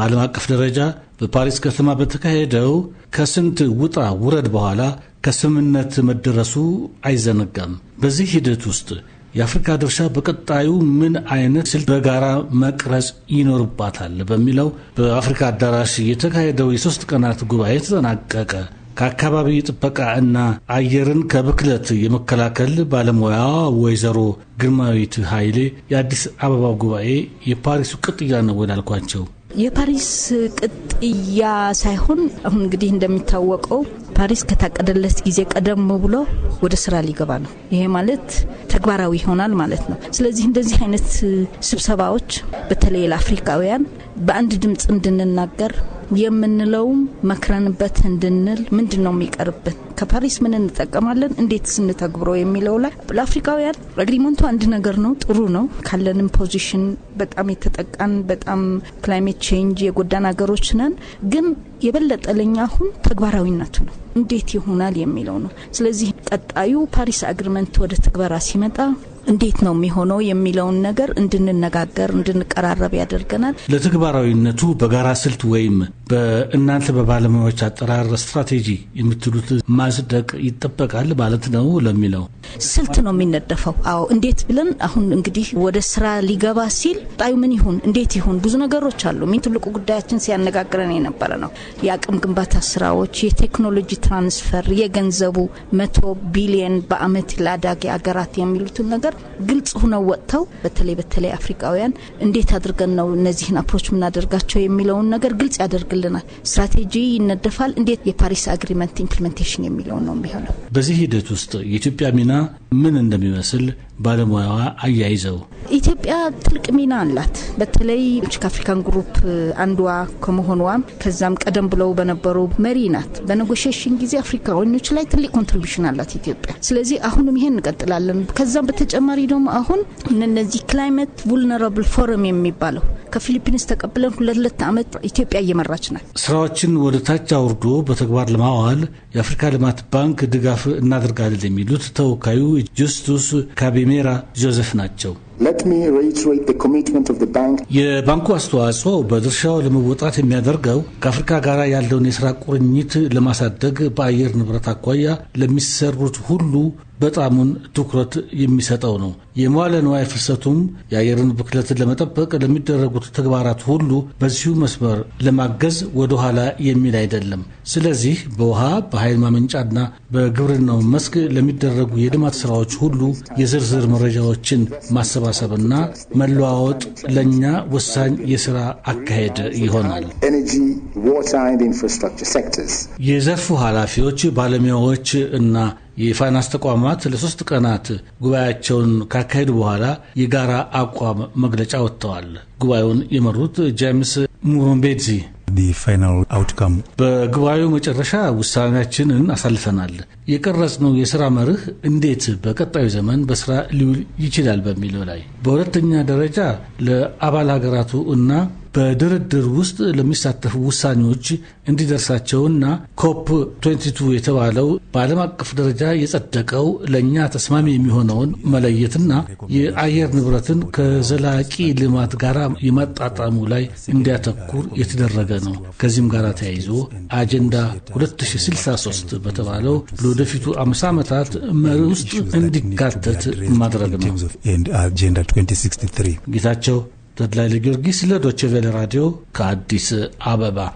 በዓለም አቀፍ ደረጃ በፓሪስ ከተማ በተካሄደው ከስንት ውጣ ውረድ በኋላ ከስምምነት መደረሱ አይዘነጋም። በዚህ ሂደት ውስጥ የአፍሪካ ድርሻ በቀጣዩ ምን አይነት ስልት በጋራ መቅረጽ ይኖርባታል በሚለው በአፍሪካ አዳራሽ የተካሄደው የሶስት ቀናት ጉባኤ ተጠናቀቀ። ከአካባቢ ጥበቃ እና አየርን ከብክለት የመከላከል ባለሙያ ወይዘሮ ግርማዊት ኃይሌ የአዲስ አበባ ጉባኤ የፓሪሱ ቅጥያ ነው ወዳልኳቸው የፓሪስ ቅጥያ ሳይሆን አሁን እንግዲህ እንደሚታወቀው ፓሪስ ከታቀደለት ጊዜ ቀደም ብሎ ወደ ስራ ሊገባ ነው። ይሄ ማለት ተግባራዊ ይሆናል ማለት ነው። ስለዚህ እንደዚህ አይነት ስብሰባዎች በተለይ ለአፍሪካውያን በአንድ ድምፅ እንድንናገር የምንለውም መክረንበት እንድንል ምንድን ነው የሚቀርብን ከፓሪስ ምን እንጠቀማለን እንዴት ስንተግብሮ የሚለው ላይ ለአፍሪካውያን አግሪመንቱ አንድ ነገር ነው ጥሩ ነው ካለንም ፖዚሽን በጣም የተጠቃን በጣም ክላይሜት ቼንጅ የጎዳን ሀገሮች ነን ግን የበለጠ ለኛ አሁን ተግባራዊነቱ ነው እንዴት ይሆናል የሚለው ነው። ስለዚህ ቀጣዩ ፓሪስ አግሪመንት ወደ ትግበራ ሲመጣ እንዴት ነው የሚሆነው የሚለውን ነገር እንድንነጋገር እንድንቀራረብ ያደርገናል። ለተግባራዊነቱ በጋራ ስልት ወይም በእናንተ በባለሙያዎች አጠራር ስትራቴጂ የምትሉት ማጽደቅ ይጠበቃል ማለት ነው ለሚለው ስልት ነው የሚነደፈው። አዎ እንዴት ብለን አሁን እንግዲህ ወደ ስራ ሊገባ ሲል ጣዩ ምን ይሁን እንዴት ይሁን ብዙ ነገሮች አሉ። ሚን ትልቁ ጉዳያችን ሲያነጋግረን የነበረ ነው። የአቅም ግንባታ ስራዎች፣ የቴክኖሎጂ ትራንስፈር፣ የገንዘቡ መቶ ቢሊየን በአመት ለአዳጊ አገራት የሚሉትን ነገር ነገር ግልጽ ሁነው ወጥተው በተለይ በተለይ አፍሪካውያን እንዴት አድርገን ነው እነዚህን አፕሮች የምናደርጋቸው የሚለውን ነገር ግልጽ ያደርግልናል። ስትራቴጂ ይነደፋል። እንዴት የፓሪስ አግሪመንት ኢምፕሊሜንቴሽን የሚለውን ነው የሚሆነው። በዚህ ሂደት ውስጥ የኢትዮጵያ ሚና ምን እንደሚመስል ባለሙያዋ አያይዘው ኢትዮጵያ ትልቅ ሚና አላት። በተለይ ከአፍሪካን ግሩፕ አንዷ ከመሆኗ ከዛም ቀደም ብለው በነበሩ መሪ ናት። በኔጎሽሽን ጊዜ አፍሪካኖች ላይ ትልቅ ኮንትሪቢሽን አላት ኢትዮጵያ። ስለዚህ አሁንም ይሄን እንቀጥላለን። ከዛም በተጨማሪ ደግሞ አሁን እነዚህ ክላይመት ቡልነራብል ፎረም የሚባለው ከፊሊፒንስ ተቀብለን ሁለት ሁለት ዓመት ኢትዮጵያ እየመራች ናት። ስራዎችን ወደ ታች አውርዶ በተግባር ለማዋል የአፍሪካ ልማት ባንክ ድጋፍ እናደርጋለን የሚሉት ተወካዩ ጁስቱስ ካቢሜራ ጆዘፍ ናቸው። የባንኩ አስተዋጽኦ በድርሻው ለመወጣት የሚያደርገው ከአፍሪካ ጋር ያለውን የስራ ቁርኝት ለማሳደግ በአየር ንብረት አኳያ ለሚሰሩት ሁሉ በጣሙን ትኩረት የሚሰጠው ነው። የመዋለ ንዋይ ፍሰቱም የአየርን ብክለትን ለመጠበቅ ለሚደረጉት ተግባራት ሁሉ በዚሁ መስመር ለማገዝ ወደኋላ የሚል አይደለም። ስለዚህ በውሃ በኃይል ማመንጫና በግብርናው መስክ ለሚደረጉ የልማት ስራዎች ሁሉ የዝርዝር መረጃዎችን ማሰባሰብና መለዋወጥ ለእኛ ወሳኝ የስራ አካሄድ ይሆናል። የዘርፉ ኃላፊዎች፣ ባለሙያዎች እና የፋይናንስ ተቋማት ለሶስት ቀናት ጉባኤያቸውን ካካሄዱ በኋላ የጋራ አቋም መግለጫ ወጥተዋል። ጉባኤውን የመሩት ጄምስ ሙሮምቤዚ ፋይናል በጉባኤው መጨረሻ ውሳኔያችንን አሳልፈናል። የቀረጽነው የስራ መርህ እንዴት በቀጣዩ ዘመን በስራ ሊውል ይችላል በሚለው ላይ፣ በሁለተኛ ደረጃ ለአባል ሀገራቱ እና በድርድር ውስጥ ለሚሳተፉ ውሳኔዎች እንዲደርሳቸውና ኮፕ 22 የተባለው በዓለም አቀፍ ደረጃ የጸደቀው ለእኛ ተስማሚ የሚሆነውን መለየትና የአየር ንብረትን ከዘላቂ ልማት ጋር የማጣጣሙ ላይ እንዲያተኩር የተደረገ ነው። ከዚህም ጋር ተያይዞ አጀንዳ 2063 በተባለው ለወደፊቱ 50 ዓመታት መሪ ውስጥ እንዲካተት ማድረግ ነው። ጌታቸው ተድላይ ለጊዮርጊስ ለዶቼ ቬለ ራዲዮ ከአዲስ አበባ